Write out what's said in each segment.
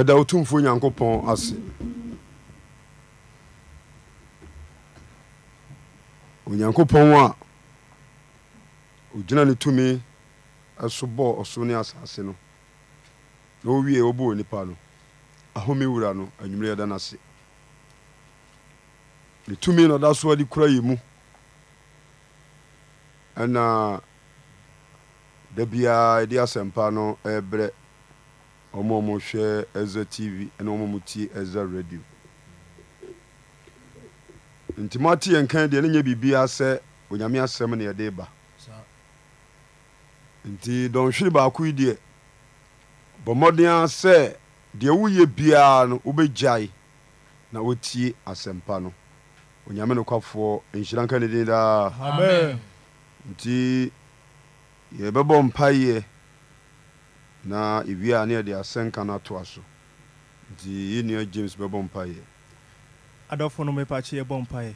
ɛda wotumfoɔ nyankopɔn ase onyankopɔn a ogyina ne tumi ɛso bɔɔ ɔsoro ne asase no na owie wɔbɔɔ nipa no ahome wura no anwumere yɛda no ase ne tumi na ɔda so ade kura yɛ mu ɛna da biara yɛde asɛmpa no ɛɛbrɛ ɔmo a ɔmohwɛ ɛza tv ɛne ɔmo a ɔmotie ɛza radio nti moate yɛn kan deɛ ne nyɛ biribiaa sɛ onyame asɛm ne yɛde ba nti dɔnhwere baako yi deɛ bɔ mmɔden a sɛ deɛ woyɛ biara no wobɛgyae na wotie asɛmpa no onyame nokwafoɔ nhyira nka ne din daa nti yɛbɛbɔ mpayɛ na ewie a ne yɛde asɛnka no atoa so nti yɛnnua james bɛbɔ mpaeɛ adɔfo no mepakye yɛbɔ mpaeɛ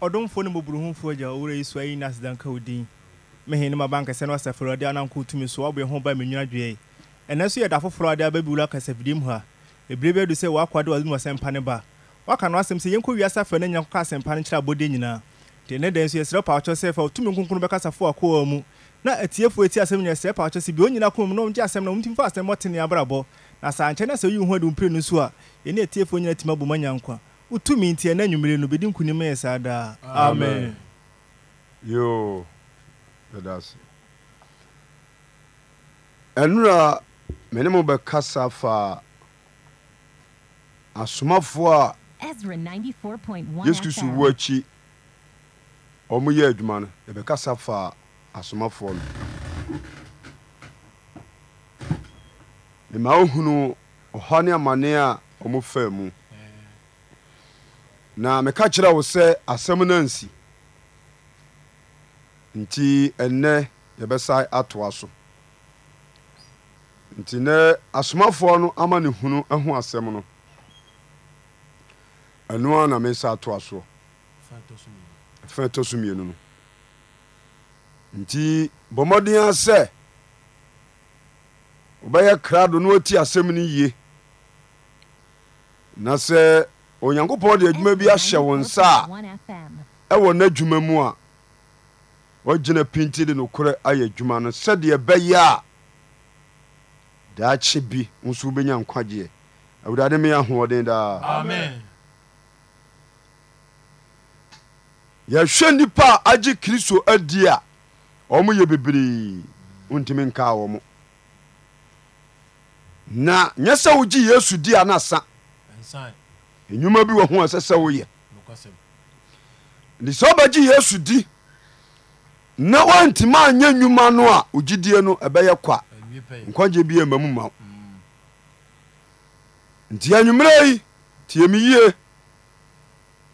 ɔdomfoɔ ne mmɔborɔhumfoɔ agya ɔwura yi so ayi nas danka wo din mehe ne maba nkɛsɛ no asafo awurade ananko tumi so woabɔ ho ba menwuna dwee ɛnɛ so yɛ da foforɔ ade abɛbiwura kasafidie mu ha ɛbire bi adu sɛ woakwade wade mu asɛmpa ne ba woaka no asɛm sɛ yɛnkɔ wiase afɛ no nyina kɔka asɛmpa no kyerɛ abɔdeɛ nyinaa deɛ ne dɛn so yɛsrɛ pawakyɛ sɛ fa wotumi nkonkrono bɛkasa fo mu na atiefo eti asɛm nyɛ sɛ ɛpa kyɛ bi onyina kɔn mu na ɔngye asɛm na ɔmtumi fa asɛm ɔtene abrabɔ na saa nkyɛn na sɛ oyi ho adi mpire no so a ɛne atiefo nyina tumi abɔ manya nkwa wotumi nti ɛna anwummere no bɛdi nkonim yɛ saa daa amen yo yɛda ase ɛnora me ne mo bɛkasa fa asomafoɔ a yesu kristo wu akyi ɔmo yɛ adwuma no yɛbɛkasa fa asomafoɔ no mma ohunu ɔha ne amane a ɔmo faa mu na meka kyerɛ wo sɛ asɛm no ansi nti ɛnnɛ yɛbɛsae atoa so nti nɛ asomafoɔ no ama ne hunu ahu asɛm no ɛno a na mesa atoa soɔ ɛfa ɛtɔ so mmienu no nti bɔ mmɔdena sɛ wɔbɛyɛ krado na wati asɛm no yie na sɛ onyankopɔn de adwuma bi ahyɛ wo nsa a ɛwɔ n'adwuma mu a woagyina pinti de nokorɛ ayɛ adwuma no sɛdeɛ ɛbɛyɛ a daakye bi nso wobɛnya nkwagyeɛ awurade meyɛ ahoɔden daa yɛhwɛ nnipa a agye kristo adi a ɔmo yɛ bebree wontumi nkaa wɔ mo na nyɛ sɛ wogye yesu di a na sa nnwuma bi wɔ ho ɛsɛ sɛ woyɛ nti sɛ wobɛgye yesu di na woantimi anyɛ nnwuma no a ogyidie no ɛbɛyɛ kɔ a nkwagye bi ɛma mu ma wo nti anwummerɛ yi tiemi yie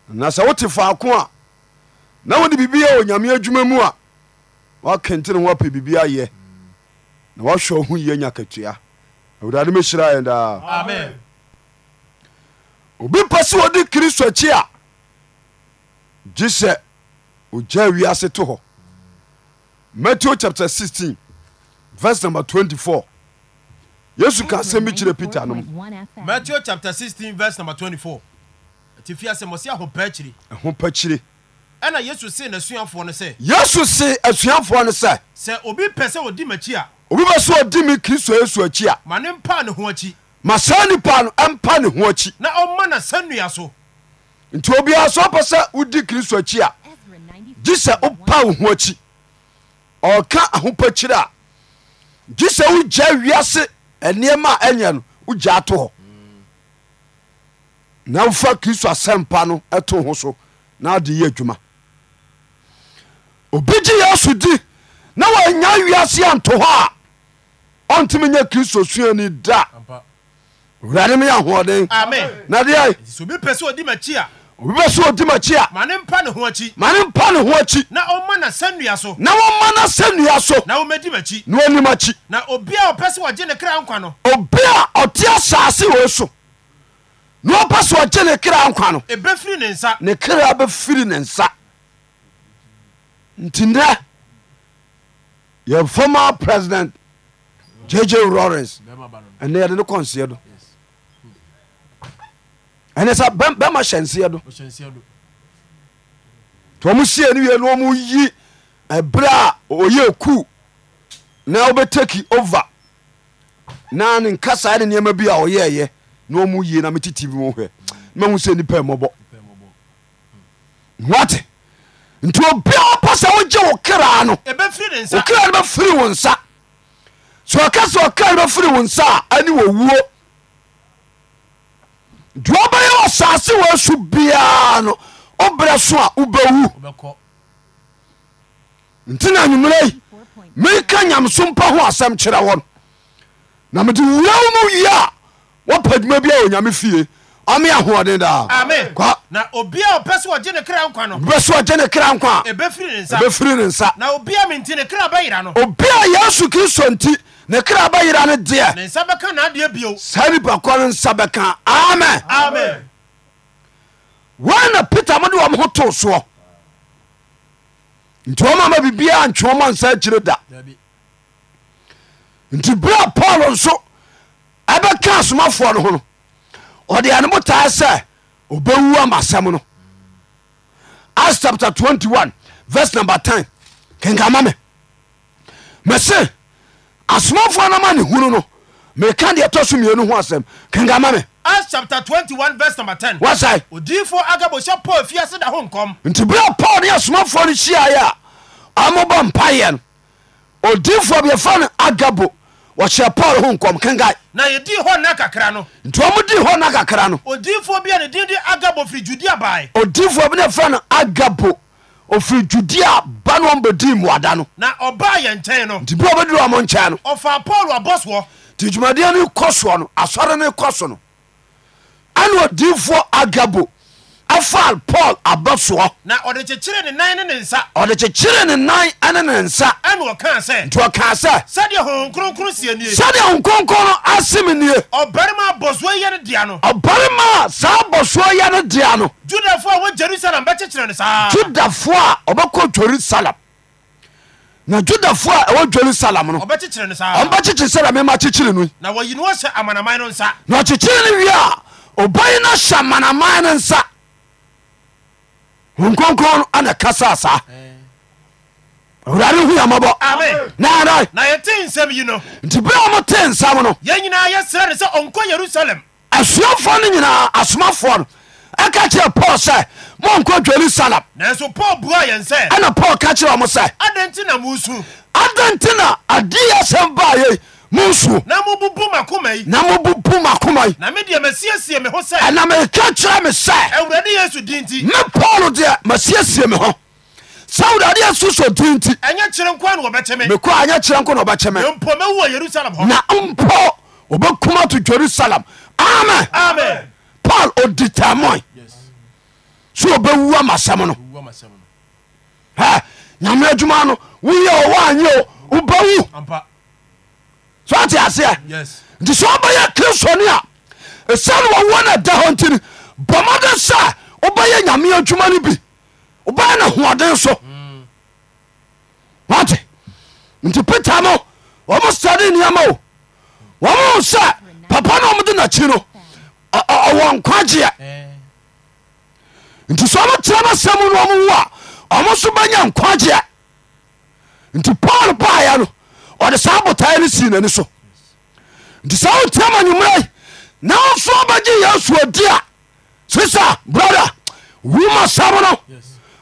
na sɛ wote faako a na wode biribi yɛ wɔ nyame adwuma mu a wakente ne ho apɛ biribi ayɛ na wahwɛ ho yie nya katua awurade mehyira yɛn daa obi pɛ sɛ wɔde kristo akyi a gye sɛ ogya wiase to hɔ matthew chapter 16 verse number 24 yesu ka asɛm bi kyerɛ peter no matthew chapter 16 verse number 24 ɛti fi asɛm ɔsi ahopɛ akyiri ɛho pɛ akyiri yesu se asuafoɔ no sɛɛsɛ obi pɛ sɛ ɔdime kristo yesu aki a an p ne ho k ma saa nipa no mpa ne ho akyi na ɔma nasa nua so nti obi aw so apɛ sɛ wodi kristo akyi a gyi sɛ wopa wo ho akyi ɔwɔka ahopa kyire a gyi sɛ wogya wiase annoɔma a ɛyɛ no wogya ato hɔ na mfa kristo asɛmpa no to ho sonaade yi adwuma obi gye ye so di na wɔanya awiase anto hɔ a ɔntimi nyɛ kristo suani da wurane myɛ hoɔden e pɛ sɛ ɔdmaka ne pa neho akna ɔma na sɛ nnua so na wɔnimakyiobia ɔde asase wo so na ɔpɛ sɛ ɔgye ne kra nkwa no ne kra bɛfiri ne nsa ntiɛ yɛ foma president jge lawrence ɛnɛ ɛde ne kɔ nseɛ do ɛn sa bɛma hyɛnseɛ do nti ɔmosie ni wie ne ɔmoyi berɛ a ɔyɛ ku na wobɛteki over na ne nkasa ne nnoɛma bi a ɔyɛyɛ na ɔmoyie nametiti bimo hɛ nmaho sɛ nipa mmɔbɔwa nti obiawa pɔ sɛ wogye wo kra no wokra no bɛfiri wo nsa sɛ ɔka sɛ ɔkra no bɛfiri wo nsa a ane wɔwuo nti wɔbɛyɛ ɔsase wɔasu biara no wobrɛ so a wobɛwu nti na anwummerɛ yi meka nyamso mpa ho asɛm kyerɛ wɔ no na mede wura wo mu wie a wɔpa adwuma bi a onyame fie ɔme ahoɔden daa na obia ɔpɛ sɛ ɔgye ne kra nkwa no ɔpɛ ɔgye ne kra nkwa a ɛbɛfiri ne nsa na obia menti ne kra bɛyera no obia yesu kristo nti ne kra bɛyera no deɛ ne nsa bɛka naadeɛ bio saa nipa kɔ nsa bɛka amen wana peter mode wɔm ho too soɔ nti wɔma ma biribiaa ntwe wɔma nsa akyire da nti berɛ paul nso ɛbɛka asomafoɔ no ho no ɔde ano botaa sɛ obɛwu ama asɛm no as chapter 21 vers numb 10 kenkama me mese asomafoɔ noma ne hunu no meka deɛ ɛtɔ so mmienu ho asɛm kenkama me Acts chapter twenty one verse number ten. wasaɛ. odiifo agabosɛ paul fiase da ho nkɔm. nti bí a paul ní asomafoɔ no hyia yɛ a ɔmo bɔ mpa yɛ no odiifo bi efa no agabo wɔkyerɛ paul ho nkɔm kenka na yɛdii hɔ nna kakra no nti ɔmodii hɔ na kakra no odiyifoɔ bi a ne din de agabo firi judea bae odiyifoɔ bi ne ɛfrɛ no agabo ofiri judea ba no ɔmbɛdii mmoada no na ɔbaa yɛ nkyɛn no nti bi a ɔbɛduru ɔmo nkyɛn no ɔfaa paul abɔ soɔ nti dwumadeɛ no kɔ soɔ no asɔre no kɔ so no ɛne odiyifoɔ agabo Afal paul abɔsoɔ na ɔde kyekyere ne nan ne ne nsa ɔde kyekyere ne nan ɛne ne nsa ɛne ɔkaa sɛ nti ɔkaa sɛ sɛdeɛ honhom kronkron sie nie sɛdeɛ honhom kronkron no asem nie ɔbarima abɔsoɔ yɛ no dea no ɔbarima a saa abɔsoɔ yɛ no dea no judafoɔ a wɔ jerusalem bɛkyekyere no saa judafoɔ a ɔbɛkɔ jerusalem na judafoɔ a ɛwɔ jerusalem no ɔbɛkyekyere no saa ɔmbɛkyekyere sɛdeɛ mema kyekyere no na wɔyi no ɔhyɛ amanaman no nsa na ɔkyekyere no wie a ɔbɛyi no hyɛ amanaman no nsa nkonkɔ ana e kasa sa wurare huamɔbɔyɛ s y nti bɛa mote nsɛm noɛɛyrsalem asuafoɔ no nyinaa asomafoɔ no ɛka kyerɛ paul sɛ ma ɔnkɔ jerusalempau ɛ ɛna paul ka kyerɛ mo sɛaadɛnti na adi ɛ sɛm ba ye n mobbmakomainameka kyerɛ me sɛne paul deɛ masiesie me h sɛ wodadesuso din ntik ɛnyɛ kyerɛ nkonkmna mp ɔbɛkumato jerusalem amen paul odi ta mɔ so obɛwua masɛm no nyamera adwuma no woyɛ wayɛ obawu soate aseɛ nti sɛ wobɛyɛ kristone a ɛsiane wɔwɔ no da hɔ ntini bɔmɔden sɛ wobɛyɛ nyamea adwuma no bi wobɛyɛ na hoɔden so wate nti pete mo ɔmo sade nneɛma o wɔmo sɛ papa no ɔmode nakyi no ɔwɔ nkwagyeɛ nti sɛ ɔmotera no sɛm no ɔmowo a ɔmo so bɛnya nkwagyeɛ nti paul baeɛ no ɔde saa botae no sii nani so nti sɛ wotiama nwummerai na woso bɛgye yɛ suadi a sisa brother woma sam no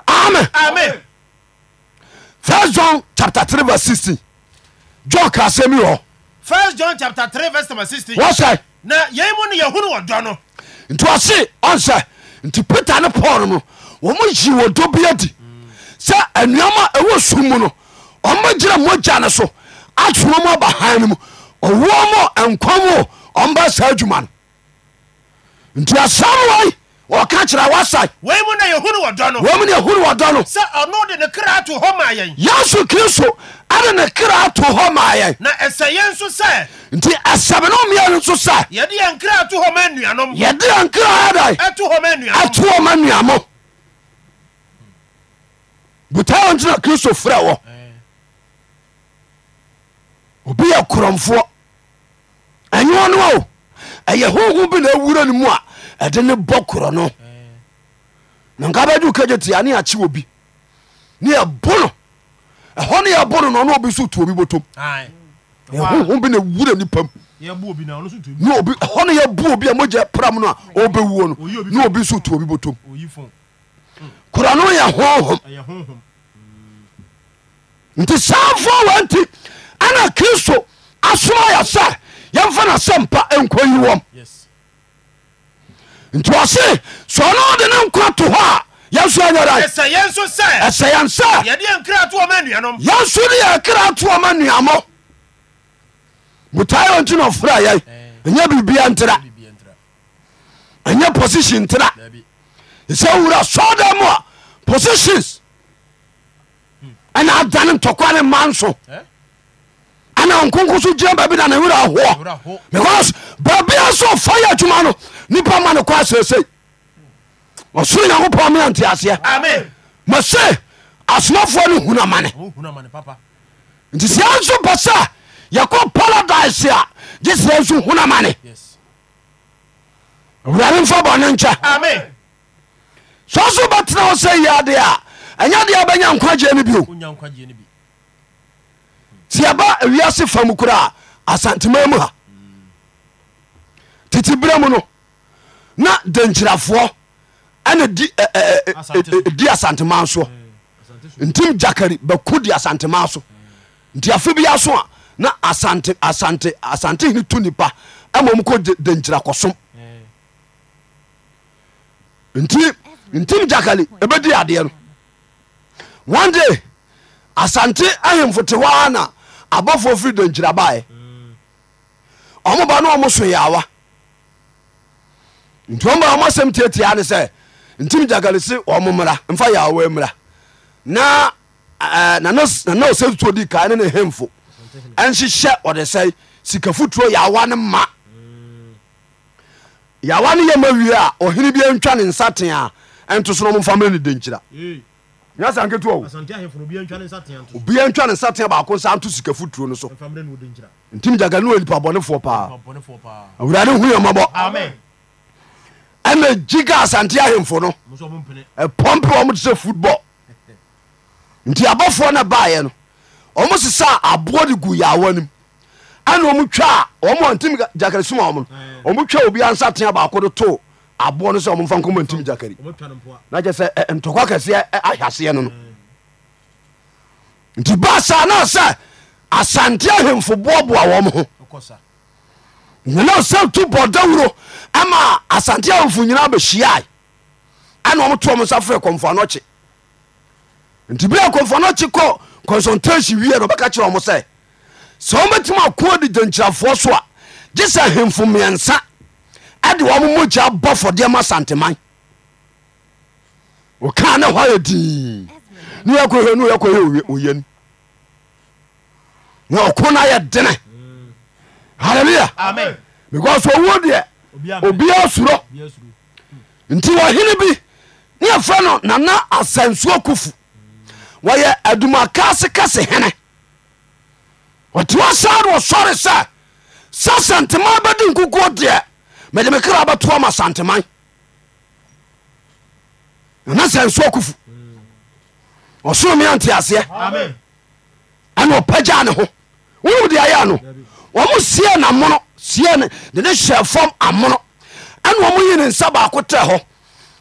ame first john chapter 3 verse 16 john ka asɛm yi hɔ first john chapter 3 verse number 16 wɔsɛ na yɛi mu no yɛhunu wɔdɔ no nti ɔse ɔnsɛ nti peter ne paul no wɔmo yi wɔ dɔ bi adi sɛ anuama ɛwɔ sum mu no ɔmma gyina mogya ne so atonamɔ bahan no mu ɔwɔ mɔ nkomo ɔmba saa dwuma no nti asɛmi ɔka kyerɛwsam na hu ne wɔdɔ noyesu kristo de ne kra to hɔ maayɛ nti ɛsɛm no mɛso sɛyɛde yɛnkratohɔma nnuamo bta tina kristo frɛ wɔ obi yɛ kuromfoɔ. ɛnyɛ ɔno o ɛyɛ huhu bi na awura no mu a ɛde ne bɔ kuro no na nka bɛdu kagye tia ne akyi wɔ bi ne yɛbo no ɛhɔ ne yɛbo no na ɔno obi so tuo bi bɔtom ɛhoho bi na awura nipa mu ɛhɔ ne yɛbu obi a mogya pram no a wuo no ne obi so tuo bi bɔtom Kuro no yɛ honhom nti saa foɔ wa nti na kristo asoma yɛsɛ yɛmfa na sɛ mpa nko yi wɔm nti ɔse so ɔno de ne nka to hɔ a yɛnso ayɛraɛsɛ yɛn sɛyɛnso de yɛ nkra atoɔ ma nnuamɔ mutaeɛ ɔ ntina ɔfra yɛ ɛnyɛ birbia ntera ɛnyɛ position ntera ɛsɛ wura sowda ma positions hmm. ɛna adane ntɔkwa ne ma nso ɛna nkonko so gyina baabi na ne werɛ ahoɔ because baabia so fa yɛ adwuma no nipa ma no kɔ asɛesei ɔsoro nyankopɔn mena nte aseɛ ma se asomafoɔ no hunu amane oh, nti sɛ nso pɛ sɛ yɛkɔ paradise a gye sɛ nso hunu amane awurade mfa bɔne nkyɛ sɛ so bɛtena wo sɛ yiadeɛ a ɛnyɛ deɛ wobɛnya nkwagyeɛ no bio sɛ yɛba awiase fa mu koraa asantema mu ha tete berɛ mu no na dankyirafoɔ ɛna di asantema soɔ ntim gyakari bɛko di asantema so nti afe bia so a na asante hene to nipa mom kɔ dankyira kɔsom nti ntim gyakali ɛbɛdi adeɛ no one day asante ahemfo te hɔ a na abɔfoɔ firi dankyirabaɛ ɔmoba ne ɔmo so yɛawa nti ɔmba ɔmo asɛm tiatia ne sɛ ntim gyagale ɔmo mmra mfa yɛawa mmra na nana ɔsɛ tutuo di kae ne ne hemfo ɛnhyehyɛ ɔde sɛ sikafotuo yɛawa ne ma yɛawa ne yɛma wie a ɔhene bia ntwa ne nsatea ɛnto so no ɔmo mfa mmerɛ ne dankyira nya sa nketewa o obia ntwa ne nsatea baako saa nto sika foturo no so ntim gyagane wɔ nipa bɔnefoɔ paa awurade hu yɛ mmɔbɔ ɛna gyiga asante ahemfo no ɛpɔmpe ɔmo te sɛ football nti abɔfoɔ no baeɛ no ɔmo sesa aboɔ de gu yɛawa nim ɛna ɔmo twa a ɔmo antim gyakare suma ɔmo no ɔmo twa obiara nsatea baako de too aboɔ no sɛ ɔmomfa nkɔma ntim gyakari na kyɛ sɛ ntɔkwa kɛseɛ ahwɛ aseɛ no no nti ba saa sɛ asante ahemfo boaboa wɔm ho nyina sɛ tu bɔ dawuro ama asante ahemfo nyinaa bɛhyiae ɛna ɔmotoɔ mo nsa frɛ kɔmfoano kye nti bia kɔmfoano kye kɔ consultation wie no ɔbɛka kyerɛ ɔmo sɛ sɛ wɔbɛtumi ako adi gyankyirafoɔ so a gye sɛ ahemfo mmiɛnsa ade wɔmomogya bɔ fɔdeɛ ma santeman oka ne hɔ yɛ dii ne yɛkɔhwɛ ne yɛkɔhwɛ oyen na ɔko no ayɛ dene halleluya because owuo deɛ obiaa suro nti wɔhene bi ne yɛfrɛ no nana asansuo kufu wɔyɛ na kase hene ɔte wasaa no sɛ sɛ nkukuo deɛ mede me kra bɛtoa ma santeman na sɛ nso kufu ɔsoro ɛne ɔpagya ne ho wonom de ayɛ no ɔmo sie namono sie ne ne hyɛ fam amono ɛne ɔmo yi ne nsa baako hɔ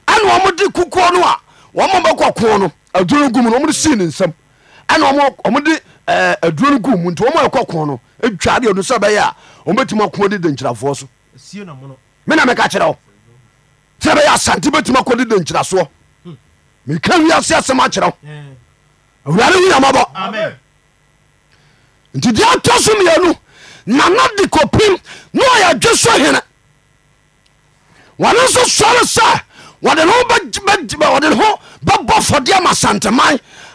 ɛne ɔmo de kukuo no a wɔmo bɛkɔ ko no aduro gum no ɔmo de nsam ɛne ɔmo de aduro no nti ɔmo ɛkɔ no atwa sɛ bɛyɛ a ɔmo bɛtumi ako de mene meka kerɛ sebɛyɛ asante batimi ako hmm. eh. de denkira so eka wisi asem akerɛ amab ntideto somienu nana dekopim nya de so here oneso sore se bb fodema santema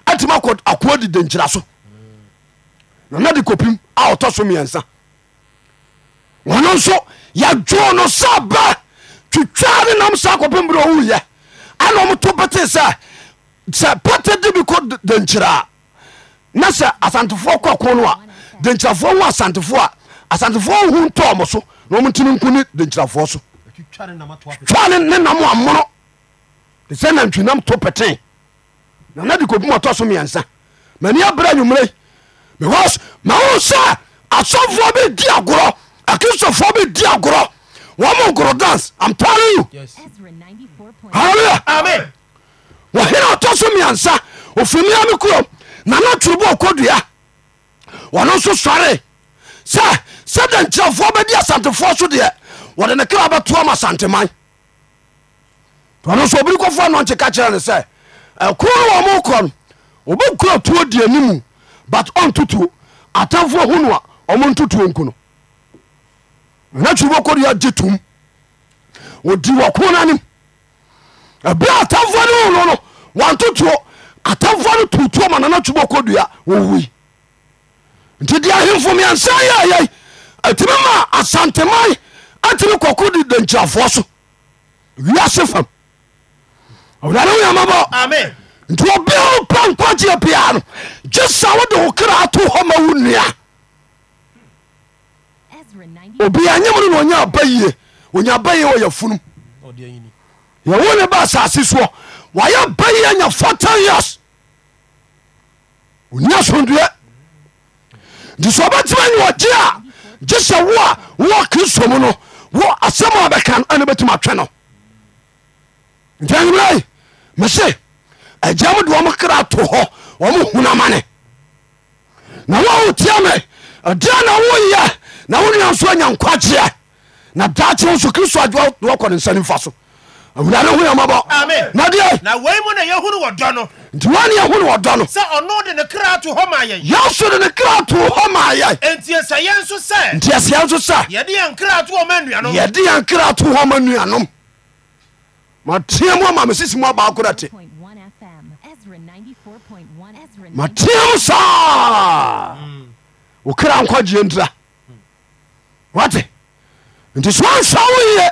atimikade denkira so nadkopi atosomesan neso yɛdwoo no sɛ ba twitwaa ne nam saa kɔpembrɛ ɔwuyɛ ana ɔmoto pete sɛ sɛ pete de bi kɔ dankyiraa na sɛ asantefoɔ kɔ ko no a dankyirafoɔ hu asantefoɔ a asantefoɔ hu ntɔɔ mo so na ɔmotino nku ne dankyirafoɔ so twa ne ne nam amono te sɛ na ntwinam to pete nana de kɔpim ɔtɔ so miɛnsa mani abrɛ anwummerɛ because mawo sɛ asɔfoɔ bɛdi agorɔ akristofoɔ bi di agorɔ wɔn goro dance i'm telling you hallelujah Amen. wɔhene ɔtɔ so mmiɛnsa ofurumia mi kurom nana turubu okodua wɔno nso sɔre sɛ sɛde nkyerɛfoɔ bɛdi asantefoɔ so deɛ wɔde ne kra bɛtoa ma asanteman ɔno nso obiri kɔfoɔ nɔnkye ka kyerɛ ne sɛ ɛkoro wɔ mo kɔ no wɔbɛkura tuo di animu but ɔntotuo atamfoɔ hu no a ɔmo ntotuo nku no ntuɔɔduae tom odi wo ko nnim brɛatafoanenn antoto ataano totnanatubɔkɔda wowi nti de ahemfomansa yɛye atimi ma asantema atimi kokode denkafo so ise famntipaoapae sawodokrawona obia nyem no na ɔnya ba yie onya ba yie wɔyɛ funum yɛwo ne ba asase soɔ wayɛ ba yie anya fourteen years onya asomdua nti sɛ ɔbɛtumi anya ɔgye a gye sɛ wo a wowɔ kristo mu no wo asɛm a bɛka no ane bɛtumi atwɛ no nti anyimrai mese agya m de ɔmo kra to hɔ ɔmo hunamane na woawotia me ɛdeɛ na woyɛ nawonuanso anya nkwa kyeeɛ na dake so kristo akɔ no nsane fa so wae beɛɛn ɛso de ne kra to hɔ maɛntsɛɛ o sɛyɛde yɛ kra to hɔ ma nnuanom ma teɛm mamesesimu aba korɛ te ateɛm sa hmm. wo kra nko gyeara wate nti so ansa wo ye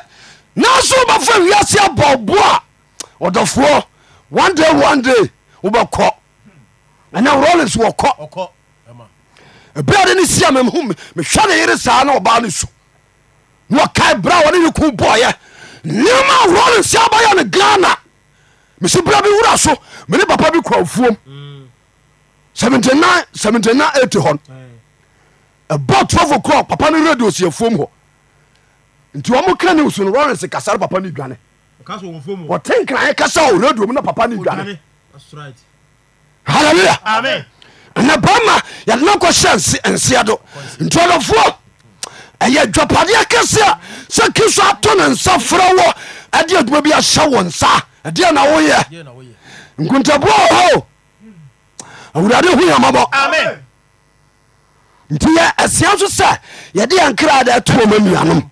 nanso wobɛfa wiase abɔ bo a ɔdɔfoɔ one day one day wobɛkɔ ɛna rollins wɔkɔ ebiade ne sia mehwɛ ne yere saa na ɔbaa no so na ɔkae bra wɔne ne ku bɔɔyɛ nneɛma rollins abɛyɛ ne ghana mesi bra bi wura so mene papa bi kɔ afuom 79 79 80 hɔ no ɛbɔ 12 o'clock papa no radio si afuom hɔ nti wɔn ka ne nsu no lawrence kasare papa no dwane wɔte nkran kasa o radio mu na papa no dwane hallelujah na bɛrima yɛdena kɔhyɛ nseɛ do ntuadɔfoɔ ɛyɛ dwapadeɛ kɛse a sɛ kristo atɔ ne nsa frɛ wɔ ɛde adwuma bi ahyɛ wɔ nsa ɛdeɛ na woyɛ nkontaboɔ hɔ awurade hu yamabɔ nti yɛ ɛsia nso sɛ yɛde yɛ nkra da ɛto wɔ ma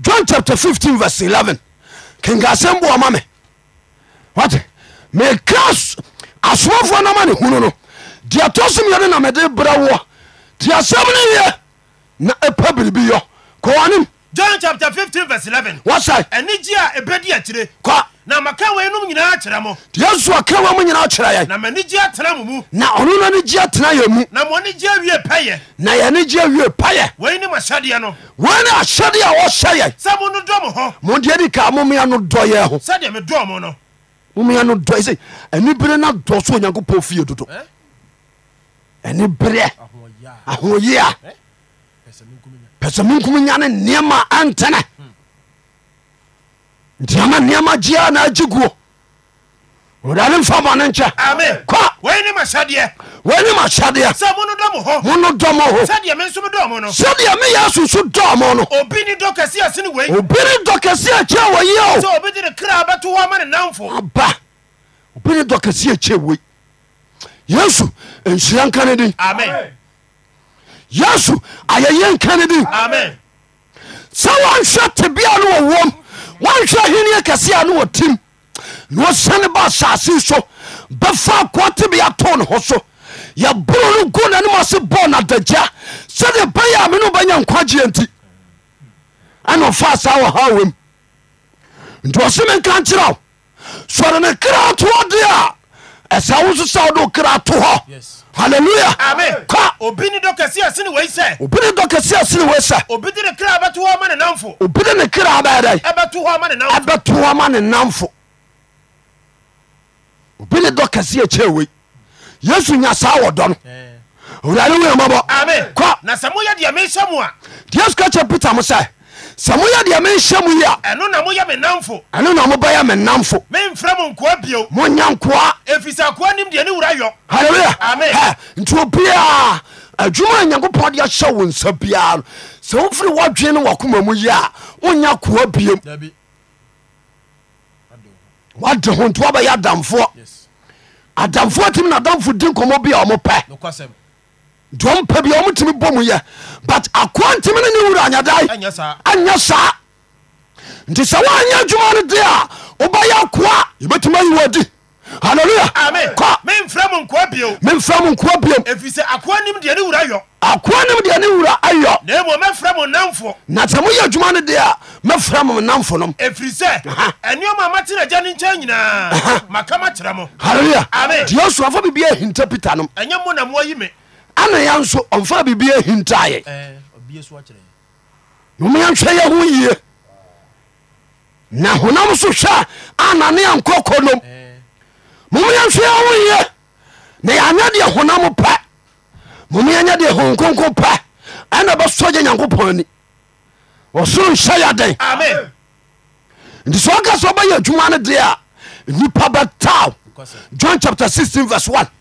john chapter 15 verse 11 kenka asɛm boɔ ma me wat meka asomafoɔ no ma ne hunu no deɛ ɛtɔ so mmiɛno na mede brɛ woɔ nti asɛm no yɛ na ɛpa biribi yɔ kɔwanem john chapter 15 verse 11 wɔsɛe ɛne gye a ɛbɛdi akyire kɔ aka i nyina kyerɛ m asua ka wm nyina kyerɛyɛn tem na ɔnn gea tena m na yɛne yea wiɛ pyɛɛneyɛdeɛɔyɛ yɛ mɔde dika momeɛ no dɔyɛ hoɛm ani berɛ na dɔ so onyankopɔn fie dodo aneberɛ ahoyia pɛsɛme nkum ya ne neɛma antana ntiama nneɛma gyea na agye guo ɔdade mfa bɔne nkyɛ wɔinim ahyɛdeɛ mono dɔmɔ hosɛdeɛ meyɛ susu dɔɔ mo no obi ne dɔ kɛse akyia wɔyi o obi ne dɔ kɛse akyia wei yesu nhyira nka ne din yesu ayɛyɛ nka ne din sɛ wɔnhwɛ tebea no wɔ wom wanhwɛ henniɛ kɛseɛa ne wɔ tim na wɔsane ba asase so bɛfa koa tebea too ne ho so yɛboro no go nanom ase bɔɔ nadagya sɛde bɛyɛ a me ne bɛnya nkwa gyea nti ɛna ɔfaa saa wɔ ha wam nti ɔseme nka nkyerɛw sɔre ne kra toɔ de a ɛsɛ wo so sɛ wode wo kra hallelujah amen kɔ obi ni dɔ kɛse ɛsi ni wɔyi sɛ obi ni dɔ kɛse ɛsi ni wɔyi obi ni kira abɛto hɔ ɔma ne nanfo obi di ni kira abɛyɛ dɛ ɛbɛto hɔ ɔma ne nanfo ɛbɛto hɔ ɔma ne nanfo obi ni dɔ kɛse ɛkyɛ wɔyi yesu nya saa wɔ dɔ no owurade wunyamabɔ amen kɔ na sɛ mo yɛ deɛ mi nsɛm a yesu kɛ kyɛ peter mo sɛ sɛ moyɛ deɛ menhyɛ mu yi a ɛno na moyɛ me namfo ɛno na mobɛyɛ me namfo memfrɛ mo nkoa bio monya nkoa ɛfisɛ akoa nim deɛ ne wura yɔ halleluya nti obiaa adwuma a nyankopɔn de ahyɛ wo nsa biara no sɛ wofiri woadwene no wakoma mu yi a wonya koa biom wade ho nti wobɛyɛ adamfoɔ adamfoɔ timi na adamfo di nkɔmmɔ bi a ɔmo ntiɔmpa bia ɔmotumi bɔ mu yɛ but akoa ntimi no ne wura anyadae anyɛ saa nti sɛ woanyɛ adwuma no de a wobɛyɛ akoa yɛbɛtumi ayiwa di halleluya memfrɛ mo nkoa biom ɛfiri sɛ akoa nim deɛ ne wura ayɔ na mmom mɛfrɛ mo nnamfoɔ na sɛ moyɛ adwuma no deɛ a mɛfrɛ mo nnamfo nom ɛfiri sɛ ɛnneɔma a mate na agya no nkyɛn nyinaa maka makyerɛ mo halleluya deɛ ɔsuafo bibia ahinta pita nom ɛnyɛ mo na moayi me ana ya nso ɔmfa bibia hintayɛ eh, nomayɛnhwɛ yɛ ho yie na honam so hwɛ ananea nkɔkɔ nom eh. momayɛnhwɛ yɛ ho yie na yɛanyɛ deɛ honam pɛ momayɛnyɛ deɛ hon konko pɛ ɛna bɛsɔgye nyankopɔn ani ɔsoro nhyɛ yɛ den nti sɛ ɔka sɛ ɔbɛyɛ adwuma no deɛ a nnipa bɛtaw eh, john chapter sixteen, verse one.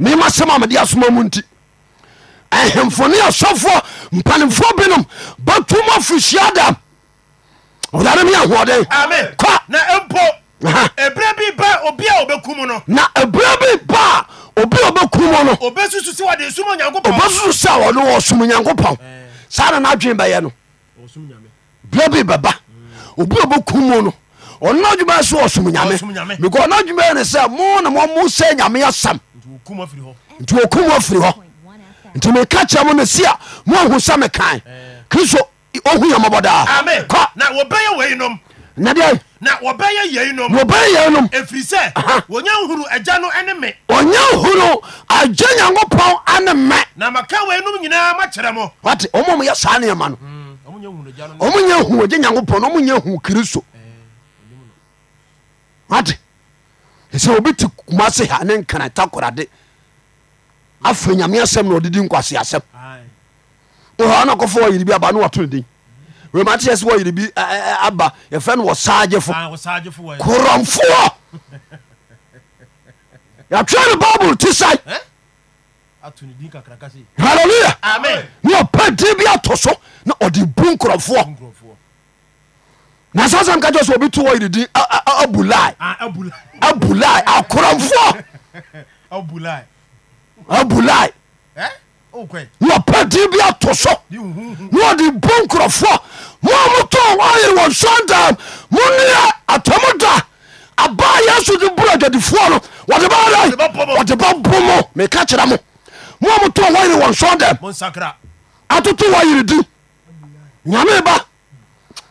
mema sɛm a mede asoma mu nti ahemfo ne asɔfoɔ mpanimfoɔ binom bɛtom afirihyia dam ɔdade me ahoɔden na mpo ɛberɛ bi ba obi a no eh. na ɛberɛ ba hmm. a obi a obɛkum no obɛsusu sɛ wɔde som onyankopɔn obɛsusu sɛ wɔde wɔ som onyankopɔn saa na n'adwene bɛyɛ no berɛ bi bɛba obi a obɛkum mu no ɔno adwuma sɛ wɔsom nyame because ɔno adwuma yɛ ne sɛ mo na mo sɛ nyame asɛm nti wɔkum afiri hɔ nti meka kyerɛ mo no si a moahu sɛ me kan eh. kristo ɔhu yamɔbɔ daa nadeɛ na wɔbɛyɛ yeinom ɛfiri sɛ wɔnya hunu agya no ne me ɔnya hunu agya nyankopɔn ane mɛ na maka weinom nyinaa makyerɛ mo wate ɔma moyɛ saa nneɛma no hmm, ɔmonyɛ hu agya nyankopɔn na ɔmonyɛ hu kristo eh, wate ɛsɛ obi te kuma se ha ne nkana ta korade nyame asɛm na ɔdedi nkwase asɛm ɔhɔ na kɔfo wɔ yiribi aba ne wɔto ne den wematiɛ sɛ wɔ yiribi aba yɛfrɛ no wɔsaagyefoɔ ah, korɔmfoɔ yɛtwerɛ no bible te sae halleluya ne ɔpɛ din bi ato so na ɔde bu nkurɔfoɔ na sasɛ m ka kyɛ sɛ obi to wɔ abulai abulai akorɔmfoɔ abulai abulai ɔpɛ din bi ato so na ɔde bo nkurɔfoɔ mo a motɔn ɔyere wɔ nsɔndam monneɛ atɔmo da aba yesu de boro agyadifoɔ no wɔde bɛdɛ wɔde bɛbo mo meka kyerɛ mo mo a motɔn ɔyere wɔ nsɔndam atoto wɔ yeredin nyame ba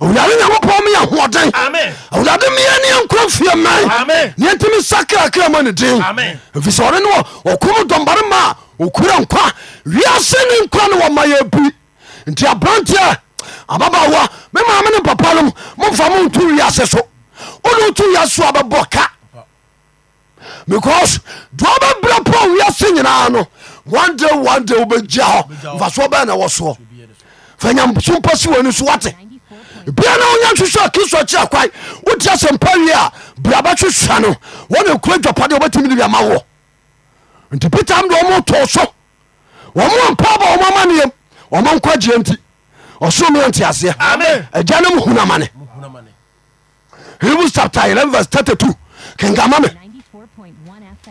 owurade nyankopɔn meyɛ hoɔden awurade meyɛ ne yɛnkora fie ma neɛntimi sa krakra ma ne den ɛfisɛ ɔne ne ɔkom dɔmbare ma a ɔkura nkwa wiase ne nkwa ne wɔma yɛ bi nti aberanteɛ ababawa mema me ne papa nom momfa monto wiase so wone woto wiase so a bɛbɔ ka because doa bɛbrɛ pɔ wiase nyinaa no one day one day wobɛgya hɔ mfa soɔ bɛɛ na wɔ soɔ fa nyamso mpa si wani so wate bia na wonya nhwehwɛ kristo akyi akwae wote asɛmpa wie a braba hwehwɛ no wɔne kura dwapade wɔbɛtumi de biama woɔ nti peter m de ɔmotɔɔ so wɔmo mpa ba ɔmo amanneɛm ɔma nkɔ agyeɛ nti ɔsoro mmerɛ nte aseɛ agya no mhunu amane hebrews chapter 11 verse 32 kenkama me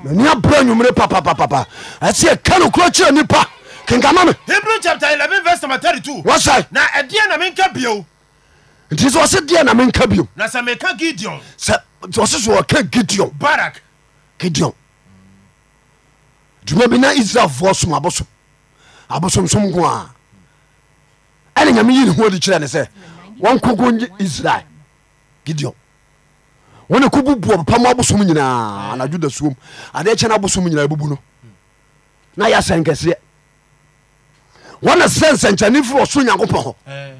nani abra nwumere papapapa ɛsɛ yɛka no kuro kyerɛ nipa kenkama me hebrew chapter 11 verse 32 wɔsɛe na ɛdeɛ na menka bio nti sɛ ɔse deɛ na menka biom na sɛ meka gideon sɛ ɔse so ɔka gideon barak gideon dwuma bi na israelfoɔ som abosom abosomsom ko a ɛne nyame yi ne ho adi kyerɛ ne sɛ wɔnkogo nye israel gideon wɔne kɔbubuɔ papa mu abosom nyinaa anadwo da suom adeɛ kyɛ no abosom nyinaa bubu no na yɛ asɛnkɛseɛ wɔne sɛ nsɛnkyɛne firi ɔso nyankopɔn hɔ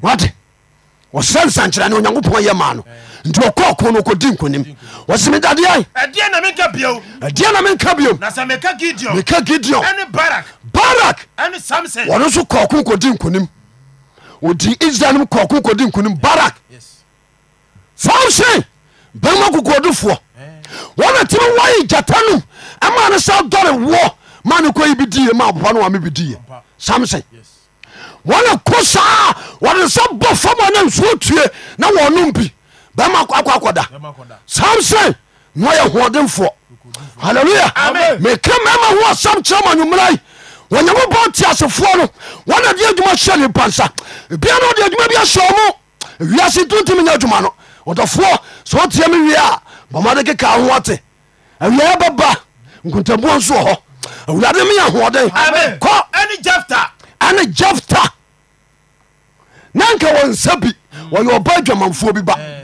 wate wɔsrɛ nsankyerɛ ne onyankopɔn yɛ ma no nti ɔkɔɔ ko no ɔkɔdi nkonim wɔseme dadeɛ ɛdeɛ na menka biom meka gideon barak wɔno nso kɔɔ ko nkɔdi nkonim ɔdi israel nom kɔɔ ko nkɔdi nkonim barak samson bɛma kokoɔdofoɔ eh. wɔne teme wɔye gyata nom ɛma ne sa dɔre woɔ ma ne kɔyi bi diiɛ ma aboa no wa me bi diiɛ samson yes wɔne ko saa wɔde nsa bɔ fam a ne nsuo tue na wɔnom bi bɛma akɔ akɔda samson na ɔyɛ hoɔdenfoɔ halleluya meka mɛma ho asɛm kyerɛ ma anwummerai wɔnyankopɔn te asefoɔ no wɔna deɛ adwuma hyɛ ne pansa bia na ɔde adwuma bi ahyɛ mu wiase tontimi nya adwuma no ɔdɔfoɔ sɛ woteɛ me wie a bɔmɔde keka ho ɔte awiaɛ bɛba nkontabuɔ nso wɔ hɔ awurade meyɛ hoɔden kɔ ɛne jafta ane jefta na anka wɔnsa bi wɔyɛ ɔba adwamanfoɔ bi ba eh,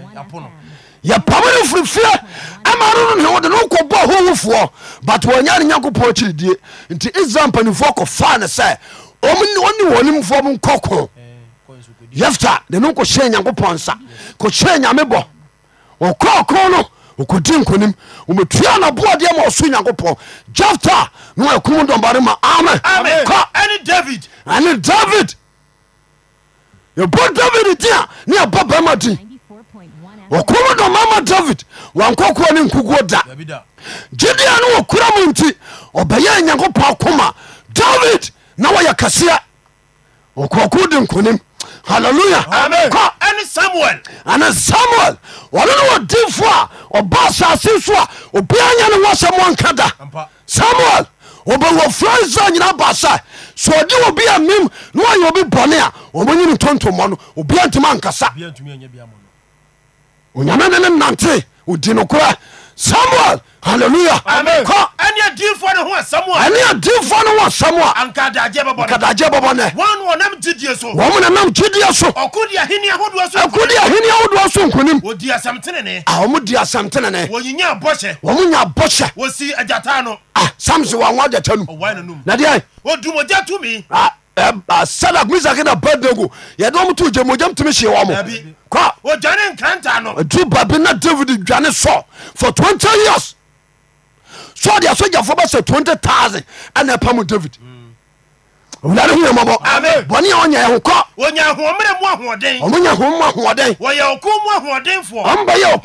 yɛpame no firi fie ama no no newode ne wokɔbɔ howofoɔ but wɔnya ne nyankopɔn akyiriedie nti israel mpanifoɔ kɔfaa ne sɛ ɔne wɔnimfoɔ m nkɔ ko yefta eh, de ne nkɔhyɛɛ nyankopɔn nsa kɔhyɛɛ nyame bɔ ɔkɔɔ no okodi nkonim ometua naboadeɛ ma ɔso nyankopɔn jafta na wakum dɔmbare ma amen david ɛne david yɛbɔ david di a ne yɛba bɛma din ɔkom ma david wankɔkoa ne nkukuo da gyidea no wɔkura mu nti ɔbɛyɛ nyankopɔn akoma david na wɔyɛ kɛseɛ ɔkɔko de nkonim halleluya samuane samuel ɔne ne wɔ dinfo a ɔba saase so a obia nya ne wɔsɛmoɔnka da samuel ɔbawɔ fransa nyina baasa sɛ ɔdye ɔbi amim ne wayɛ obi bɔne a ɔmɔnyine tontomɔ no obia ntimi ankasa onyame ne ne nante odi nokora samuel alleluaɛne dif no hosɛmadbɔmne nam gidiɛ sode eni hodso konmm di asɛmtn ya bɛsamw aaamtams babi na david ans0 so de asogyafoɔ twenty thousand ɛna oh, ɛpa mu david wulade hu yɛmɔbɔ bɔne a ɔnya ɛho kɔ ɔmo nya hom mu ahoɔden ɔmo bɛyɛ ɔko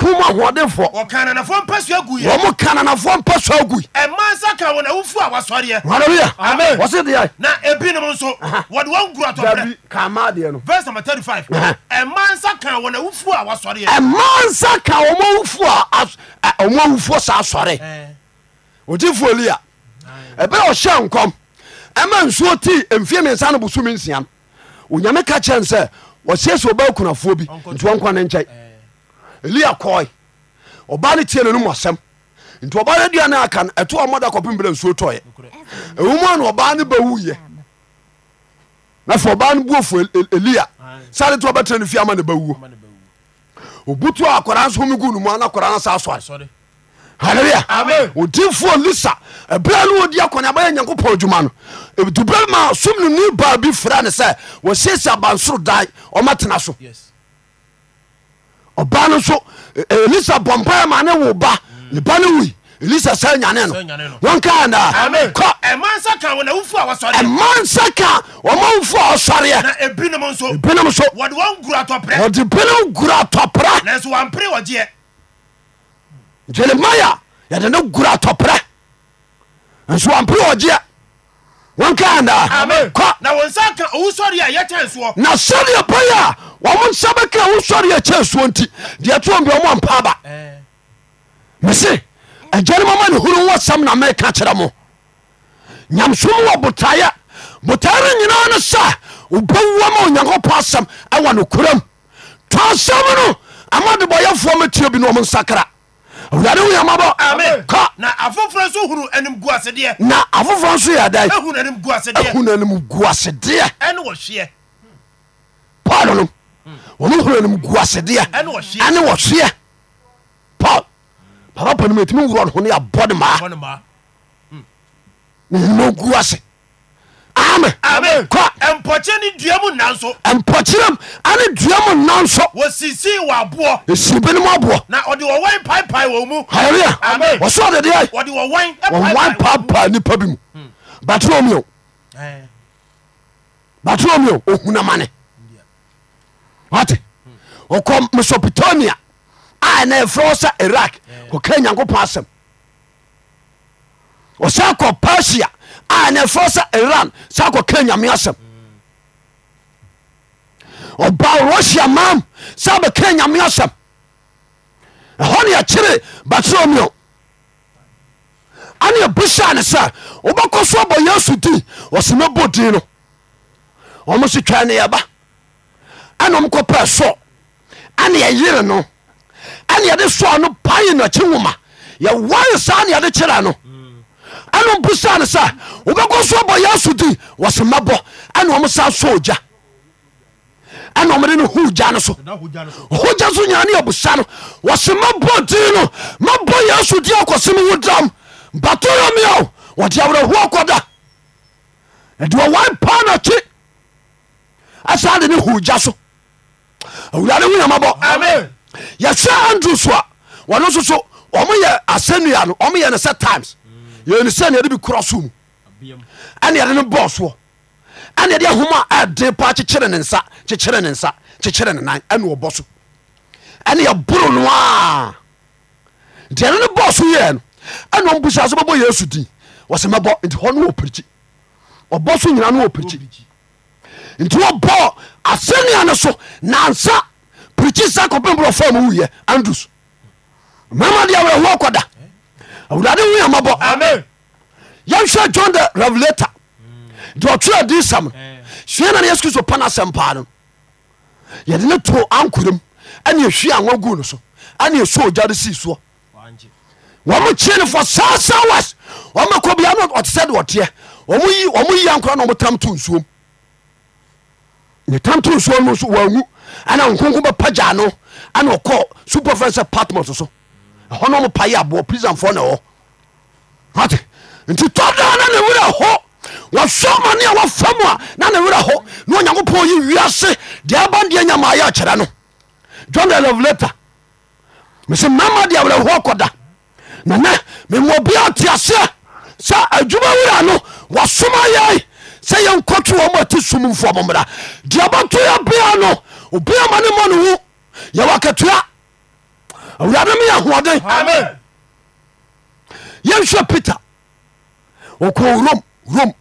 mu ahoɔdenfoɔ oh, ɔmo kananafoɔ mpa so agui haleluya wɔse deɛ na ebinom nso uh-huh. wɔde wɔn gura tɔbrɛ kama deɛ no verse number thirty five uh-huh. ɛma nsa kan wɔn awufuo a wasɔre yɛ ɛma nsa kan wɔn awufuo a wɔn awufuo sa asɔre. ɔgyefo elia ɛbɛrɛ ɔhyɛ nkɔm ɛma nsuo te mfie miɛnsa no bosom nsia no onyame ka kyerɛ sɛ wɔsie sɛ ɔbaa kunafoɔ bi nti wɔnkɔ ne nkyɛn elia kɔe ɔbaa no tie n'anim asɛm nti ɔbaa no aduane aka no ɛto ɔmɔda kɔpem bra nsuo tɔeɛ ɛwom a no ɔbaa no bɛwuyɛ na afei ɔbaa no buofo elia sade to ɔbɛtena no fie ama no bɛwuo obutu a akwadaa nso ho me gu no halleluya odinfoɔ lisa ɛberɛ no odi akɔne abɛyɛ nyankopɔn adwuma no dubrɛ ma som no ni baa bi fra ne sɛ wɔsiesie abansoro dan ɔmatena so ɔba no nso e, e, elisa bɔ mpaɛ ma ne wo ba mm. ne ba no wui elisa sɛ nyane no wɔnka anaa ɛma nsa ka ɔma wofo a ɔsɔreɛ ebinom so wɔde binom gura atɔpra geremya yedene gura atopre nso wamprɛ yee wkana sɛde ba omo sa beka owsore k suo nti d tmopaba mese yaremmane rwa samna meka kerɛmo yamsom wa botaa botare yina no sa obwa ma onyankopɔn sɛm wane kram to sɛmno made bɔyɛ fo mti binoomosakra awurade wo yamabɔ kɔ na afoforɔ nso hunu anim gu asedeɛ na afoforɔ nso yɛ adan ehunu anim gu asedeɛ ehunu anim gu asedeɛ ɛne wɔhyeɛ paul no wɔn hunu anim gu asedeɛ ɛne wɔhyeɛ ɛne wɔhyeɛ paul papa panim etimi wura ne ho ne abɔ hmm. ne maa ne ho gu ase mpkrɛ ane duam nassibinmbo ɔsɛdd wan papa nipa bim bat batrmi ohunamane at hmm. ɔkɔ mesopotania a ɛnefrɛ wo sa irak kɔka nyankopɔn asɛm ɔsakɔ persia aneforɔ sɛ iran saa kɔka nyame asɛm ɔba russia mam sa bɛka nyame asɛm ɛhɔ ne yɛkyere batromio ane ɛbusa ne sɛ wobɛkɔ so abɔ yesu din ɔsɛmɛ bɔ din no ɔmo so twa ne yɛba ɛne ɔmokɔ pɛ sɔ ɛne yɛyere no ɛne yɛde sɔɔ no pae nakyi woma yɛware saa ne yɛde kyerɛ no ɛne mpusa no sɛ wobɛkɔ so bɔ yesu di wɔse mabɔ ɛne ɔm sa so ogya ɛne ɔmde no ho gya no so hogya so nyane abusa no wɔse mabɔ din no mabɔ yesu di akɔsem wo dam batoromiao wɔde awerɛhoɔ kɔda ɛde wɔwan paa nakyi ɛsaa de ne ho gya so awurade woyamabɔ yɛhwɛ andrew so a wɔno nso so ɔmo yɛ asɛnnua no ɔmo yɛ no sɛ times yɛni sɛ neɛde bi korɔ so mu ɛne ɛde no bɔɔ soɔ ahoma a ɛden paa kyekyere ne nsa kyekyere ne nsa kyekyere ne nan ɛne ɔbɔ so ɛne yɛboro no a nti ɛne no bɔɔ so yɛɛ no ɛne ɔmbusa so bɛbɔ yesu din wɔsɛ mɛbɔ nti hɔ no wɔ pirikyi ɔbɔ nyina no wɔ pirikyi nti wɔbɔɔ asɛnnua no so nansa pirikyi sa kɔpemborɔfɔ mu wuyɛ andus mama de awerɛhoɔ kɔda awurade hu yamabɔ yɛhwɛ john the revelator de ɔtwerɛ di sɛm no sua na ne yesu kristo pa no asɛm paa no yɛde ne to ankoram ɛne ɛhwie anwa gu no so ɛne ɛso ogya de sii soɔ wɔmo kyee no fɔ saa saa wes ɔmakɔ bia no ɔte sɛ de ɔteɛ ɔmo yi ankora na ɔmotam to nsuom ne tam to nsuom no so wɔangu ɛna nkonko bɛpa gya no ɛna ɔkɔ superfɛn sɛ patmos so hɔnom pa yɛ aboɔ prisonfoɔ ne hɔ ate nti tɔdaa na ne werɛ hɔ wɔsɔ ma ne a wɔfa mu a na ne werɛ hɔ na onyankopɔn yi wiase deɛ aba deɛ nyama akyerɛ no john the revelator mese mama de awerɛhoɔ kɔda nana memɔbia te aseɛ sɛ adwuma wura no wɔsoma yɛi sɛ yɛnkɔto wɔ ma ati som mfoɔ mommra deɛ bɔto yɛ bea no obia ma ne mmɔ ne ho yɛwɔ akatua awurade meyɛ hoɔden yɛnhwɛ peter ɔkɔ rom rom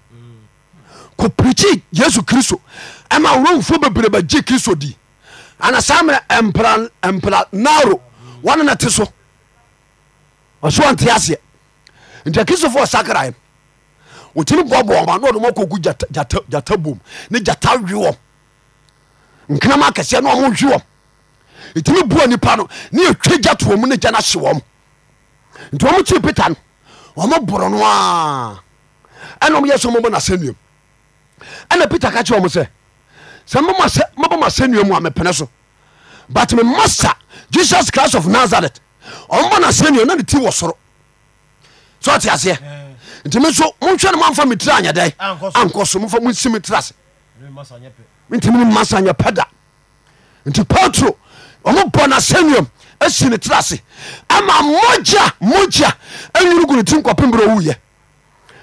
kɔpirikyi yesu kristo ɛma romfoɔ bebree bagye kristo di ana saa mmerɛ ɛmpra naro naaro wɔne ne te so ɔso ɔnte aseɛ nti akristofoɔ ɔsakra no wɔtumi boaboa ɔma na ɔde mɔkɔgu gyata bom ne gyata hwe nkenama nkrama akɛseɛ na ɔmo hwe ɛtimi bua nipa no ne yɛtwa gya toɔ mu no gya no hye wɔm nti ɔmo kyee peter no ɔmo borɔ no a ɛna ɔmoyɛ sɛ mɔbɔ nasɛnnuam ɛna peter ka kyerɛ ɔmo sɛ sɛ mɔbɔ masɛnnua mu a mepene so but me master jesus christ of nazareth ɔmbɔ nasɛnnua na ne ti wɔ soro so ɔte aseɛ hmm. nti me nso monhwɛ no moamfa me tiri anyɛ dɛn ah, ankɔ so momfa monsi me tiri ase nti mene masa nyɛ da nti petro no asɛnnuam asi ne tra ase ama mogya mogya awuno gu ti tim kɔpembrɛ wuyɛ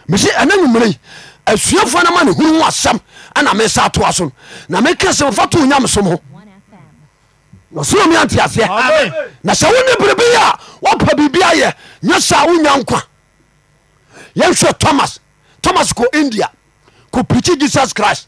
mese ɛna yi asuafoɔ no ma ne hunu ho asɛm ana mesa toa so no na meka sɛ mfa to onyame som ho ɔsoromiante aseɛ na sɛ wone biribi a wopa biribi ayɛ nyɛ saa wonya nkwa yɛhwɛ thomas thomas kɔ india prikyi jesus christ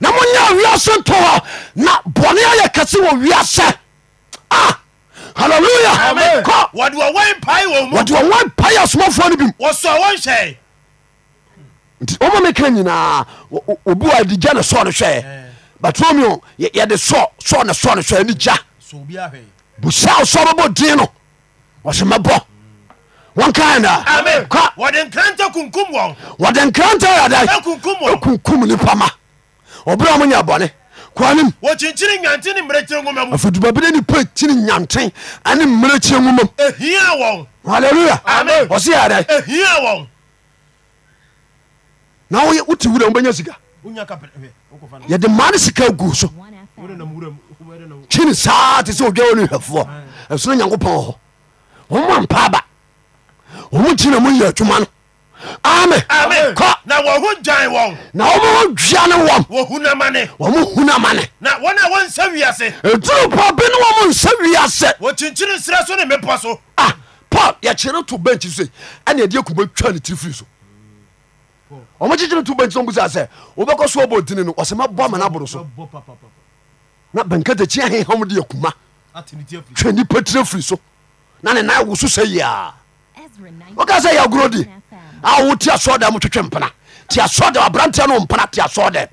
na monya wia se to hɔ na bɔne ayɛkɛse wɔ wiasɛa pae asmɔfo no bim nti ɔma meka nyinaa obiɔde gyan sɔnhɛ but i yɛde nn ɛ n a busa s bɔbɔdi no ɔhemɛbɔ knɔde nkrantakumkumnp oberɛ omonya bɔne kwanim afidubabidɛ nipa kine yanten ane mmerakyia womamaea oseyɛde nwote wrabɛnya sika yɛde ma ne sika gu so khini saa t sɛ odwawne hɛ fu asono nyankopɔn h ɔmo mpa ba ɔmkhine myɛ adwuma amen kɔ na wɔn ho gyan wɔn na wɔn ho dua ne wɔn wɔn hunamane wɔn hunamane na wɔn a wɔn nsa wiase eduru paul bi ne wɔn nsa wiase wɔkyinkyini sira so ne mepɔ so ah paul yɛkyerɛ to bench so ɛna yɛde ekuma twa ne tiri firi so wɔn kyekyere to bench so nbusa sɛ wɔbɛkɔ so ɔbɔ dini no ɔsɛ mɛbɔ ama n'aboro so na bɛnkɛtɛ kyi ahenham de ekuma twɛ nipa tiri firi so na ne nan woso sɛ yia wɔka sɛ yagoro deɛ awo ti aso dɛm twetwe mpena ti aso dɛm aberanteɛ no mpena ti aso dɛm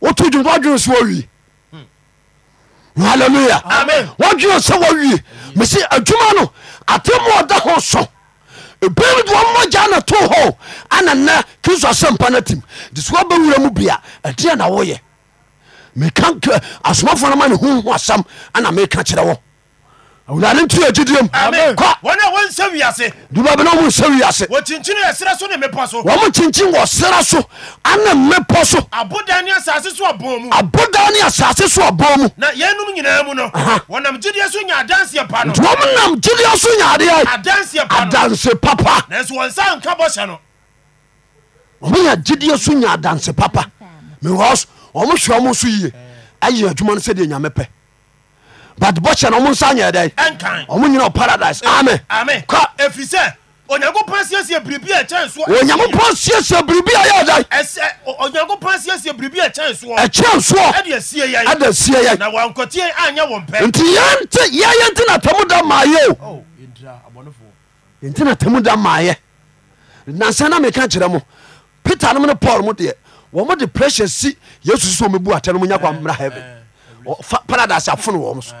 wotu dwom wadwene so wawie hmm. hallelujah amen wadwene sɛ wawie mesi adwuma no atemu ɔda ho so ebinom de wɔn mogya na to hɔ ana nna kristu asɛmpa no atim de so wabɛwura mu bia ɛdeɛ na woyɛ meka asomafoɔ no ma ne ho ho asɛm ana meka kyerɛ wɔn awurade ntu agyidiom duba bi na ɔmo nsa wiase wɔn mo kyinkyin wɔ sera so ana mmepɔ so abodan ne asase so abɔn mu na yɛnum nyinaa mu no wɔn nam gyidiɛ so nya adanseɛ pa no wɔn nam gyidiɛ so nya adeɛ adanse papa nanso wɔn nsa nka bɔ hyɛ no wɔn nya gyidiɛ so nya adanse papa because wɔn hwɛ wɔn so yie ayɛ adwuma no sɛdeɛ nyame pɛ but bɔhyɛ no ɔmo nsa nyɛ dɛn ɛnkan ɔmo nyina paradise eh, amen amen ka ɛfiri sɛ onyankopɔn siesie biribi a ɛkyɛn soɔ onyankopɔn siesie biribi a yɛ dɛn ɛsɛ onyankopɔn siesie biribi a ɛkyɛn soɔ ɛkyɛn soɔ ɛde asie yɛn ɛde asie yɛn na wankɔtie anyɛ wɔn pɛ nti yɛnte yɛyɛ nte na tɛmu da maa yɛ o oh, nti na tɛmu da maa yɛ nansan na meka kyerɛ mo peter nom ne paul mo deɛ wɔn de pressure si yesu sɛ wɔn bu atɛ no eh, eh, mo amra heaven paradise afono wɔn so.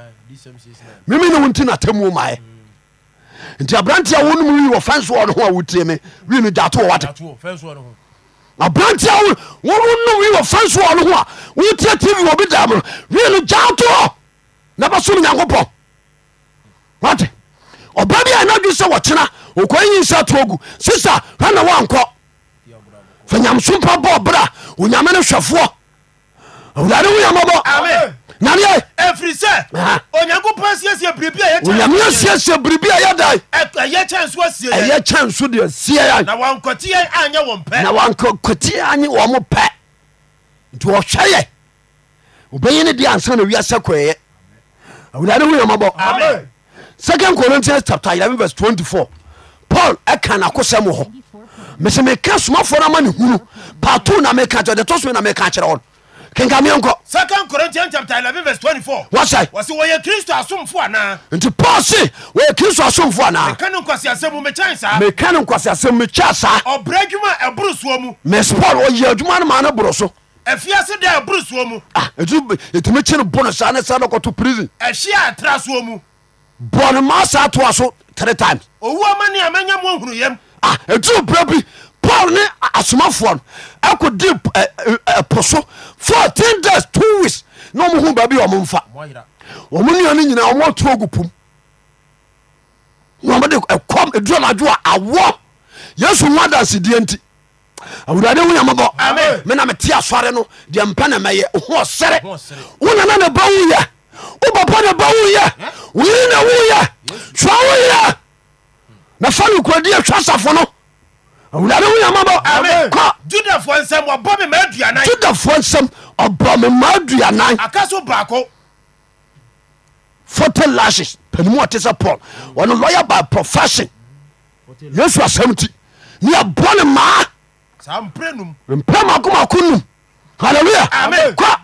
memene wotinatemumnti brantan at soe yankopɔn ba ns wena san yam sopa aoyamne ef fri se onyame asiesie biribi a yɛda ɛyɛ kyɛ nso deɛ sie na wankɔteɛ anyɛ wɔ mo pɛ nti wɔhwɛ yɛ obɛyi ne deɛ ansa na wiasɛ kɔɛyɛ awurade ho yɛmabɔ second corinthians chapter 11 verse 24 paul ɛka nakosɛm hɔ mese meka somafoɔ no ama ne hunu paato na meka kyerɛ de to so na meka kyerɛ hɔ no kenkameɛnkɔ second Corinthians chapter eleven verse 24 wɔsɛ wɔsi wɔyɛ kristo asomfo anaa nti paul se wɔyɛ kristo asomfo anaa meka ne nkwasiasɛm mu mekyɛn saa meka ne nkwasiasɛm mekyɛ saa ɔbrɛ adwuma ah, a ɛboro soɔ mu mes paul ɔyɛ adwuma no maa no borɔ so afiase da ɛboro soɔ mu ɛtumi kye no bɔno saa ne sa to prison ɛhye a tra soɔ mu bɔne ma saa toa so three times owuama ne a mɛnya mu ahunuyam ɛtiri berɛ bi paul ne asomafoɔ no ɛko de ɛpo so fourteen days two weeks na ɔmo ho baabi ɔmo nfa ɔmo nua nyinaa ɔmo atu ogu pum na ɔmo de ɛkɔm eduam adwo a awɔ yesu ho adansidie nti awurade wo yamabɔ mena mete asɔre no deɛ mpa na mɛyɛ ho ɔsere wo nana na ba wo yɛ wo papa na ba wo yɛ wo na wo yɛ soa wo yɛ na fa no kuradi atwa asafo no awurade ho yamabɔ kɔ judafoɔ nsɛm ɔbɔ me maa aduanan judafoɔ nsɛm ɔbɔ me lashes panimu ɔte sɛ paul ɔno lawyer by profession yesu asɛm ti ne yɛbɔ ne maa mprɛ makomako num halleluya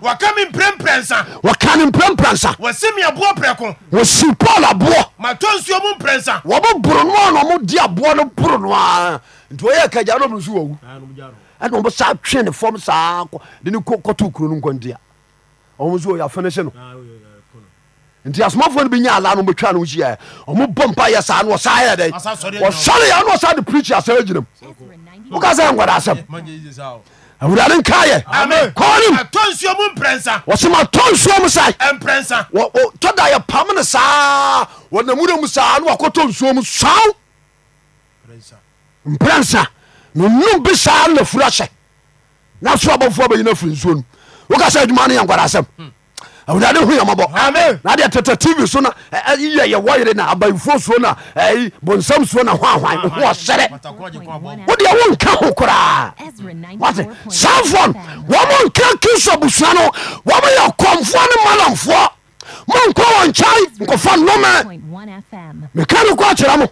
wɔkame mprɛmprɛnsa wɔkane mprɛmprɛnsa wɔsi miaboɔ prɛko wɔsi paul aboɔ matɔ nsuo mu mprɛnsa wɔbo boro no a na ɔmo di aboɔ no boro no a nti wɔyɛ kagya no ɔmo nso wɔwu ɛna ah, ɔmo saa twe ne fam saa de ne kɔto kuro no nkɔntia ɔmo nso wɔyɛ afɛnɛhyɛ no ah, nti asomafoɔ no bi nya ala no ɔmotwa no wohyia ɔmo bɔ mpa yɛ saa no ɔsaa yɛ dɛn ɔsɔre yɛ no ɔsaa de preachi asɛm agyinam woka sɛ nkɔda asɛm awurade nkayɛ kɔnem wɔsɛmatɔ nsuo mu sae tɔda yɛ pam ne saa wɔnamura mu saa na wakɔtɔ nsuo mu saw mprɛnsa nonum bi saa nnafura hyɛ na so abɔfoɔ bɛyina firi nsuo no woka sɛ adwuma no yɛ nkwadasɛm hmm. awurade hu yamabɔ na tɛtɛ tv so no yɛ na suo bonsam suo na ho ɔsɛrɛ wodeɛ wonka ho koraa samfon wɔmo nka kristo abusua no wɔmo kɔmfoɔ ne malamfoɔ monkɔ wɔ nkyɛe nkɔfa nnome meka no kɔ akyerɛ mo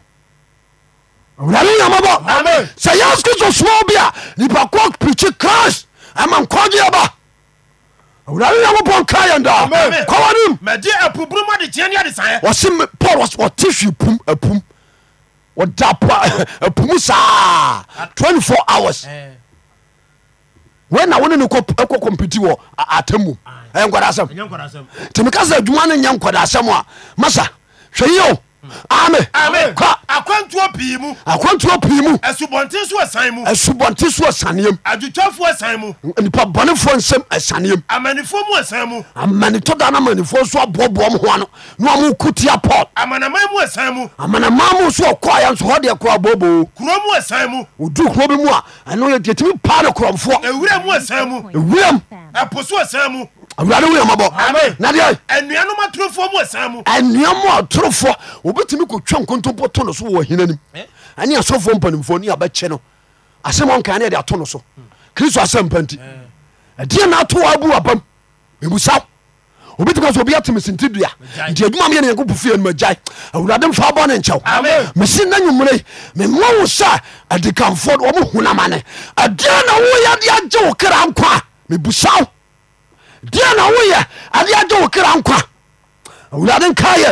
awurade yamabɔ sɛ kristo soma bi a nipa kɔ pirikyi christ ɛma nkɔgyeɛ ba awurade nyankopɔn ka yɛn daa kɔwanem mɛde apuburum ade teɛ ne adesaeɛ ɔse paul ɔte hwe pum apum ɔda apum saa 24 hours eh. wena wone ne ɛkɔ kɔmpiti wɔ atamu ɛyɛ nkɔda asɛm nti meka sɛ adwuma no nyɛ nkɔda asɛm a masa hwɛ yi ame akwantuo pii mu akwantuo pii mu asubɔnten so asan mu asubɔnten so asaneɛm adwotwafoɔ asan mu nipa bɔnefoɔ nsɛm asaneɛm amanifoɔ mu asan mu amanitɔ da na amanifoɔ so aboaboa m ho ano na ɔmo ku tia paul amanaman mu asan mu amanaman mu so ɔkɔɔyɛ nso hɔ deɛ korɔ abooboo kuro mu asan mu ɔdu kuro bi mu a ɛno yɛtumi paa ne korɔmfoɔ ewura mu asan mu ewuram ɛpo so asan mu awurade wo yamabɔ nadeɛ anuanom atorofoɔ mu ɛsan mu anuanom atorofoɔ obɛtumi kɔtwa nkontompo to no so wɔ hina nim ɛne eh? asɔfoɔ mpanimfoɔ ne abɛkyɛ no asɛm ɔnka ne ɛde ato no so hmm. kristo asɛmpa nti eh. ɛdeɛ na ato wɔ abu abam mebusaw obɛtumi sɛ obi ateme sente dua nti adwuma meyɛ ne nyankopɔ fie no magyae awurade mfa bɔ ne nkyɛw mese na nwummerɛ mema wo sɛ adikamfoɔ ɔmo hunamane ɛdeɛ na woyɛde agye wo kra nkwa a mebusaw deɛ na woyɛ ade agye wo kra nkwa awurade nka yɛ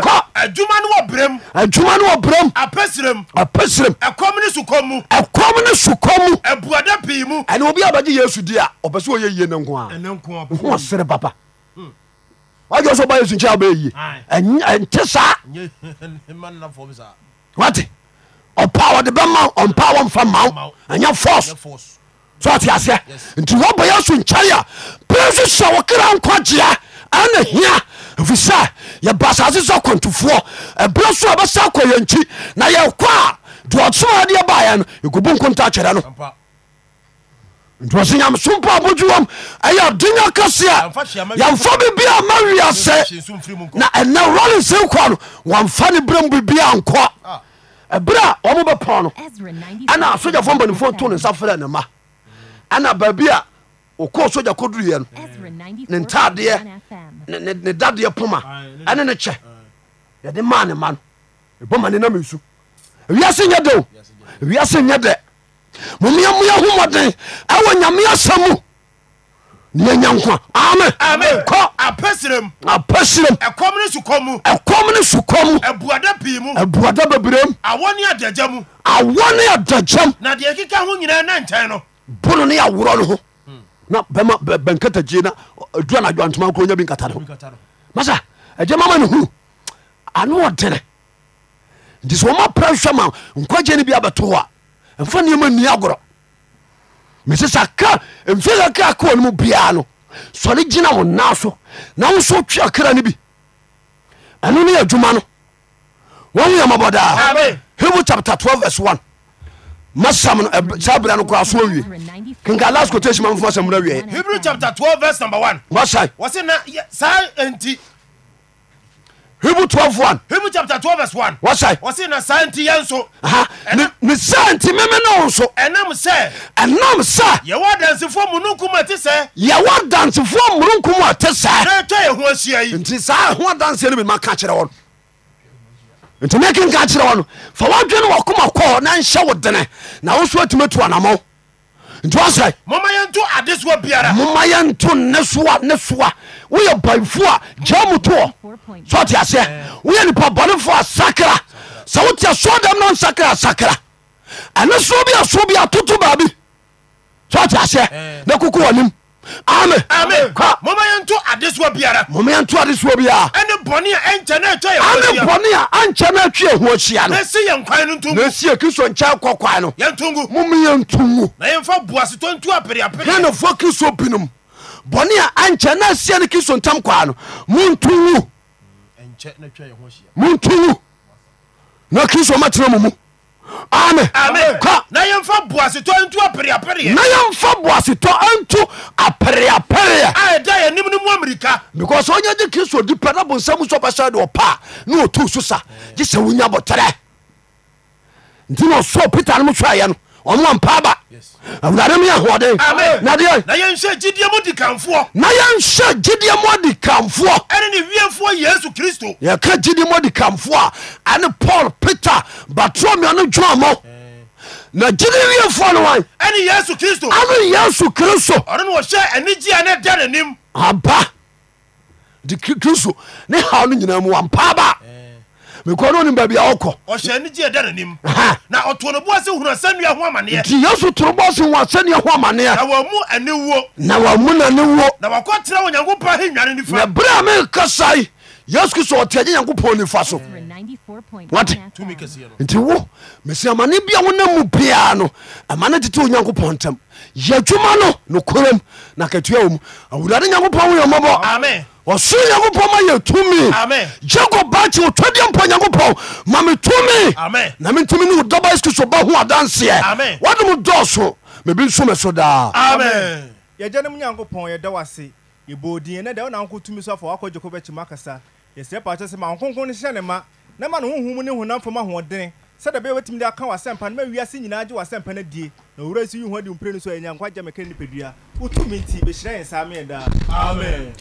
kɔ adwuma no wɔ berɛm adwuma no wɔ berɛm apɛsirem apɛsirem ɛkɔm ne sukɔm mu ɛkɔm ne sukɔm mu ɛbuada pii mu ɛne obi a bɛgye yesu di a ɔpɛ sɛ ɔyɛ yie ne nko a nko ɔsere papa wagye sɛ ɔba yesu nkyɛ wobɛyɛ yie ɛnte saa wate ɔpa wɔde bɛma ɔmpa wɔmfa ma wo ɛnyɛ force so ɔte aseɛ nti wɔbɔ yesu nkyɛe a yesu hyɛ wo kra nkwagyea ana hia ɛfisɛ yɛba asase sɛ kwantufoɔ ɛberɛ so a bɛsa kɔ yɛnkyi na yɛkɔ a doɔsoadeɛ baeɛ no ɛkɔbu nkonta kyerɛ no ntiwɔsɛ nyamesom pa abodwuwam ɛyɛ denya kɛseɛ yɛmfa bibia ma wiasɛ na ɛnɛ se kɔ no wɔmfa ne berɛm bibia nkɔ ah. ɛberɛ a ɔmo bɛpɔ no ɛna asogyafoɔ mpanimfoɔ to ne nsa frɛ ne ma ɛna baabi a ko soa kdrɛ ne ntaɛne dadeɛ poma ne nokɛ yɛde ma ne ma bma ne nams se ydwise yɛ dɛ momama homɔden ɛwɔ nyameɛ sa mu na yɛya nkwaperkmne sukm abada babrem ne adagamn nyr aaa yamamane anedene tsomapra sama nkagenebi abɛtoa mfa neama ni grɔ mssamfaka nmu bia no sore gyina wonaso naso ta kra no bi ɛno neadwuma no wa weamabɔdab 2 masasabra asowi aas 12esɛ nti memenesonaywa dansefoo muktesntsaa hodans ka kerɛ nti mekenka kyerɛ wo no fa woadwene wɔkoma kɔɔ na nhyɛ wo dene na wo so atumi to anamɔ nti wasɛ yɛnto adesoa biara moma yɛnto ne soa ne soa woyɛ baifo a gyaa mu toɔ so ɔte aseɛ woyɛ nipa bɔnefoɔ asakra sɛ wote sɔ dɛm no nsakra asakra ɛne so bi aso bi atoto baabi so ɔte aseɛ na koko wɔ nim amen. amen kɔ. mɔmɔ yɛn to adesuwa biara. mɔmɔ yɛn to adesuwa biara. ɛni bɔnni a ɛnkyɛn n'a twɛ yɛn wɔsi yan. ɛni bɔnni a ɛnkyɛn n'a twɛ yɛn wɔsi yan. n'esi yɛn kwan no tungu. n'esi yɛ kristu nkyɛn kɔ kwan no. yɛn tungu. mɔmɔ yɛn tungu. na yɛn fɔ buwasi tó ntu apere apere. yɛn na fɔ kristu binom bɔnni a ɛnkyɛn n'a seɛ ni kristu ntam kwan no mun tungu. ɛnkyɛn n'a twɛ yɛn wɔsi yan. mun tungu na yɛmfa boasetɔ ntu apereapereɛ na yɛmfa boasetɔ ntu apereapereɛ ɛda yɛnim no mu amirika because ɔnya gye kristo di pɛ na bonsam so bɛsɛ de ɔpa na ɔtuu so sa gye sɛ wonya bɔterɛ nti na ɔsɔɔ peter no m hwɛɛyɛ no ɔmo mpa ba awurade mu yɛ hoɔden nadeɛ na yɛnhyɛ gyidiɛ mu di kamfoɔ na yɛnhyɛ gyidiɛ mu adi kamfoɔ ɛne ne wiefoɔ yesu kristo yɛka gyidiɛ mu adi kamfoɔ a ɛne paul peter batromia no dwuamɔ na gyidi wiefoɔ no wan ɛne yesu kristo ane yesu kristo ɔno ne wɔhyɛ anigyea ne da n'anim aba di kristo ne haw ni nyinaa mu wampaa ba mekwaw ne onim baabia okɔ ɔhyɛ ne gyee da nanim na ɔto noboa se hunu asannua ho amanne anti yesu torobɔa se hu asannua ho amanea na wmu anewo na wamu nonewo na wakɔ tera w nyankopɔ he wane nf na berɛ a mekasae yasku so ɔtaye nyankopɔnnfa sonomɛs amane bia wona mu bia no ɛmane teteo nyankopɔn ntm yɛ dwuma no no kr nakauawrade nyankopɔnb so nyankopɔnmayɛtm bacɔtaia mpa nyankopɔn mame tmintmba susobahoadanseɛwadem dso mebi nsomeso daa ibo din ne deɛ wonam kotumi so afa wakɔgye ko bɛkyim akasa yɛsrɛ pa kyɛ sɛ ma nkonkon no hyɛ ne ma na ma ne honhom ne honam fam ahoɔdene sɛdeɛ bɛyɛ wɔatumi de aka w'asɛmpa no ma wiase nyinaa gye w'asɛmpa no adie na owura si yi ho adi mpire no so ɛnyankwagya mɛka nipadua wotumi nti bɛhyira yɛn saa meɛ daa amen